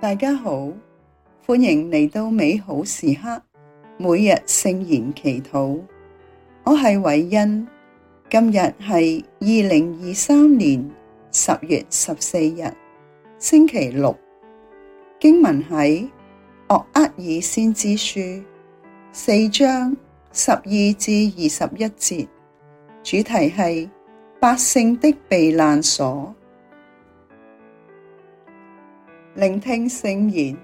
大家好，歡迎嚟到美好時刻，每日聖言祈禱。我係偉恩，今日係二零二三年十月十四日，星期六。經文喺《岳厄爾先知書》四章十二至二十一節，主題係百姓的避難所。聆聽聖言，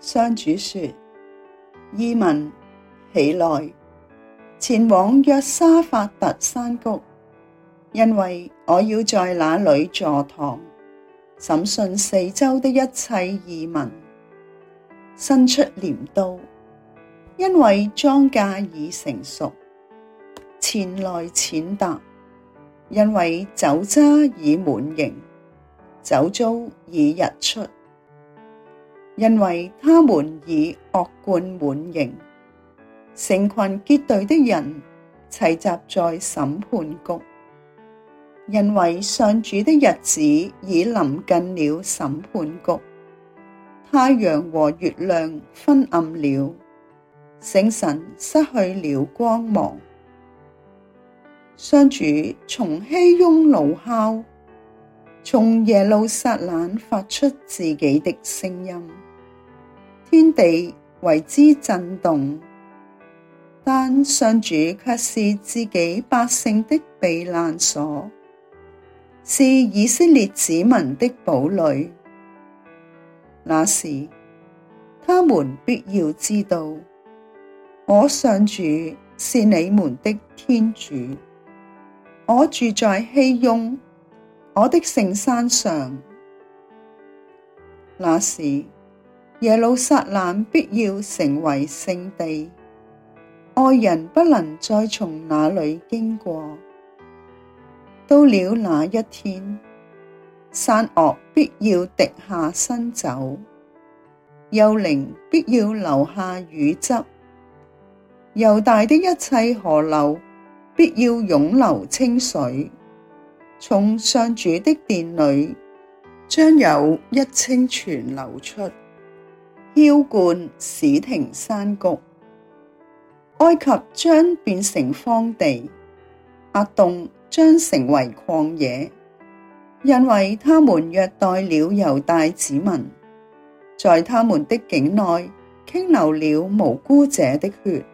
上主說：異民，起來，前往約沙法特山谷，因為我要在那裏坐堂，審訊四周的一切異民。伸出鐮刀，因為莊稼已成熟。前來踐踏，因為酒榨已滿盈。酒槽已溢出，因為他們已惡貫滿盈，成群結隊的人齊集在審判谷，因為上主的日子已臨近了審判谷。太陽和月亮昏暗了，星辰失去了光芒。上主從熙雍怒吼。從耶路撒冷發出自己的聲音，天地為之震動。但上主卻是自己百姓的避難所，是以色列子民的堡壘。那時，他們必要知道，我上主是你們的天主，我住在熙雍。我的聖山上，那時耶路撒冷必要成為聖地，外人不能再從那裏經過。到了那一天，山嶽必要滴下新酒，丘陵必要流下乳汁，猶大的一切河流必要湧流清水。從上主的殿裏，將有一清泉流出，澆灌史廷山谷。埃及將變成荒地，厄東將成為曠野，因為他們虐待了猶大子民，在他們的境內傾流了無辜者的血。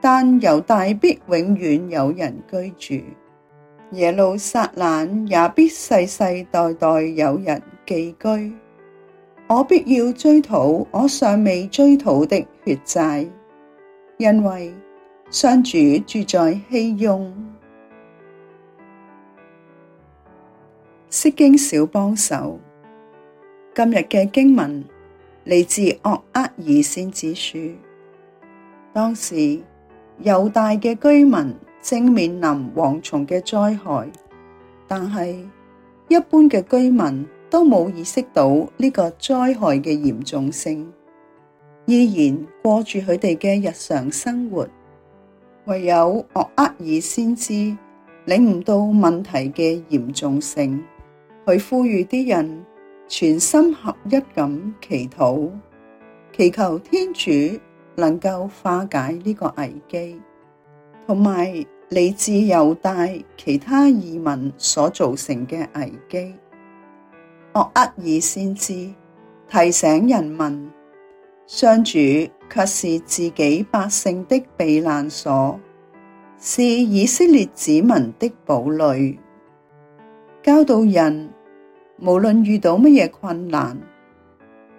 但猶大必永遠有人居住。耶路撒冷也必世世代代有人寄居，我必要追討我尚未追討的血債，因為上主住在熙雍。釋經小幫手，今日嘅經文嚟自《岳厄爾先知書》，當時猶大嘅居民，正面臨蝗蟲嘅災害，但係一般嘅居民都冇意識到呢個災害嘅嚴重性，依然過住佢哋嘅日常生活。唯有岳厄爾先知領悟到問題嘅嚴重性，佢呼籲啲人全心合一咁祈禱，祈求天主能夠化解呢個危機。同埋，嚟自猶大其他異民所造成嘅危機，岳厄爾先知提醒人民，上主卻是自己百姓的避難所，是以色列子民的堡壘。教導人無論遇到乜嘢困難，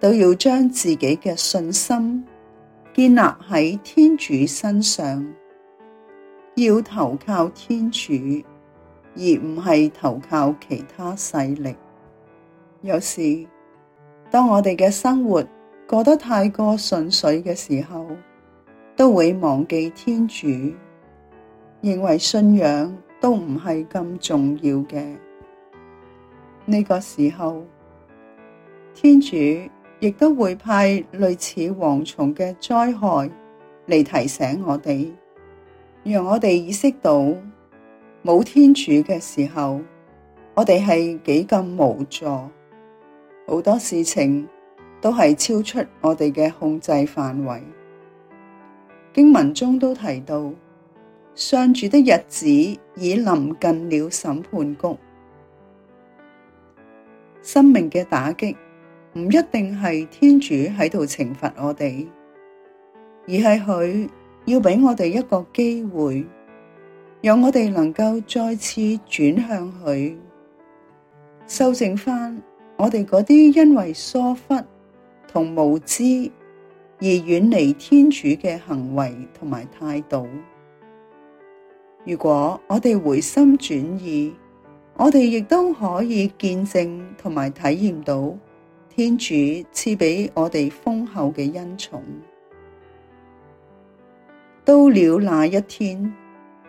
都要將自己嘅信心建立喺天主身上。要投靠天主，而唔係投靠其他勢力。有時，當我哋嘅生活過得太過順遂嘅時候，都會忘記天主，認為信仰都唔係咁重要嘅。呢個時候，天主亦都會派類似蝗蟲嘅災害嚟提醒我哋。讓我哋意識到，冇天主嘅時候，我哋係幾咁無助，好多事情都係超出我哋嘅控制範圍。經文中都提到，上主的日子已臨近了審判谷，生命嘅打擊唔一定係天主喺度懲罰我哋，而係佢。要畀我哋一個機會，讓我哋能夠再次轉向佢，修正返我哋嗰啲因為疏忽同無知而遠離天主嘅行為同埋態度。如果我哋回心轉意，我哋亦都可以見證同埋體驗到天主賜俾我哋豐厚嘅恩寵。到了那一天，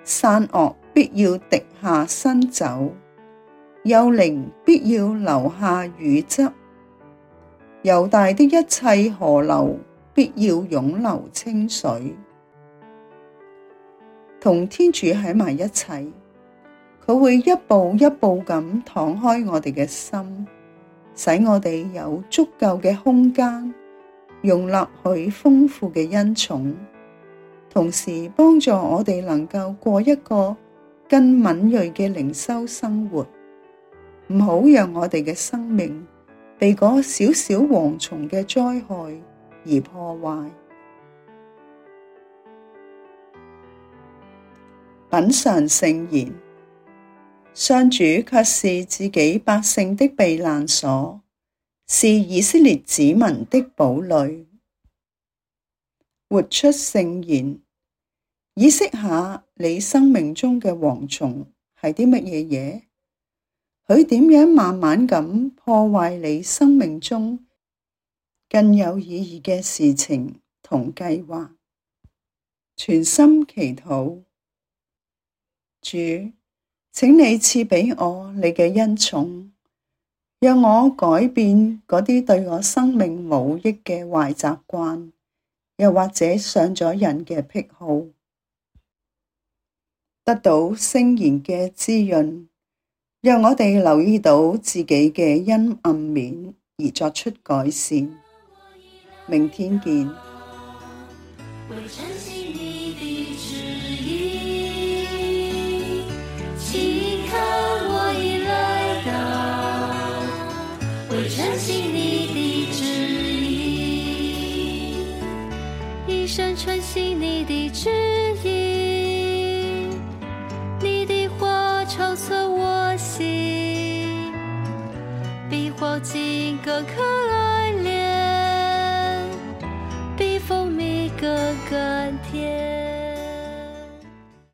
山嶽必要滴下新酒，丘陵必要流下乳汁，猶大的一切河流必要湧流清水。同天主喺埋一齊，佢會一步一步咁敞開我哋嘅心，使我哋有足夠嘅空間容納佢豐富嘅恩寵。同時幫助我哋能夠過一個更敏銳嘅靈修生活，唔好讓我哋嘅生命被嗰少少蝗蟲嘅災害而破壞。品嘗聖言，上主卻是自己百姓的避難所，是以色列子民的堡壘。活出聖言。意識下你生命中嘅蝗蟲係啲乜嘢嘢？佢點樣慢慢咁破壞你生命中更有意義嘅事情同計劃？全心祈禱，主，請你賜畀我你嘅恩寵，讓我改變嗰啲對我生命冇益嘅壞習慣，又或者上咗癮嘅癖好。得到聖言嘅滋潤，讓我哋留意到自己嘅陰暗面而作出改善。明天見。